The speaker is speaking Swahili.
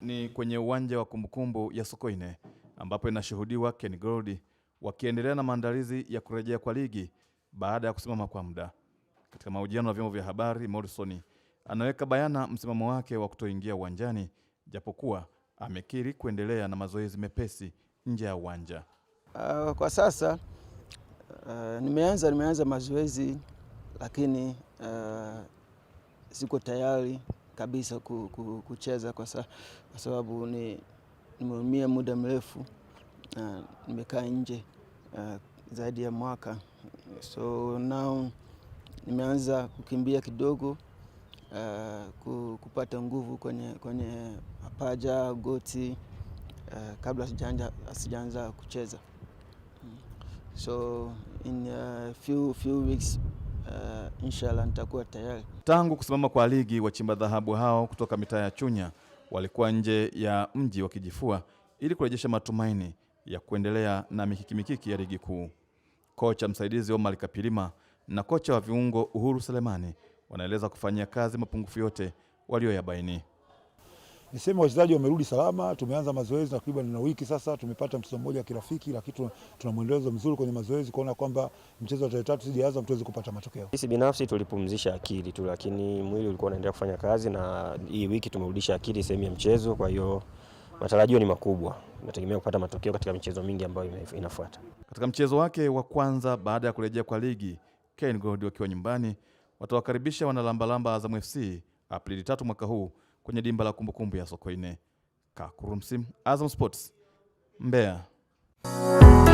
Ni kwenye uwanja wa kumbukumbu ya Sokoine ambapo inashuhudiwa Ken Gold wakiendelea na maandalizi ya kurejea kwa ligi baada ya kusimama kwa muda. Katika mahojiano na vyombo vya habari, Morrison anaweka bayana msimamo wake wa kutoingia uwanjani japokuwa amekiri kuendelea na mazoezi mepesi nje ya uwanja. Uh, kwa sasa uh, nimeanza nimeanza mazoezi lakini uh, siko tayari kabisa kucheza kwa sababu ni nimeumia muda mrefu na nimekaa nje uh, zaidi ya mwaka, so now nimeanza kukimbia kidogo uh, kupata nguvu kwenye, kwenye paja goti uh, kabla sijaanza kucheza so in a few, few weeks uh, inshallah nitakuwa tayari. Tangu kusimama kwa ligi, wachimba dhahabu hao kutoka mitaa ya Chunya walikuwa nje ya mji wakijifua ili kurejesha matumaini ya kuendelea na mikiki mikiki ya ligi kuu. Kocha msaidizi Omar Kapilima na kocha wa viungo Uhuru Selemani wanaeleza kufanyia kazi mapungufu yote walioyabaini. Niseme wachezaji wamerudi salama, tumeanza mazoezi takriban na wiki sasa, tumepata mchezo mmoja wa kirafiki, lakini tuna mwendelezo mzuri kwenye mazoezi kuona kwamba mchezo wa tarehe tatu sije Azam tuweze kupata matokeo. Sisi binafsi tulipumzisha akili tu, lakini mwili ulikuwa unaendelea kufanya kazi, na hii wiki tumerudisha akili sehemu ya mchezo, kwa hiyo matarajio ni makubwa, nategemea kupata matokeo katika michezo mingi ambayo inafuata. Katika mchezo wake wa kwanza baada ya kurejea kwa ligi, KenGold wakiwa nyumbani watawakaribisha wanalambalamba Azam FC Aprili tatu mwaka huu kwenye dimba la kumbukumbu ya Sokoine. Kakurumsim, Azam Sports, Mbeya.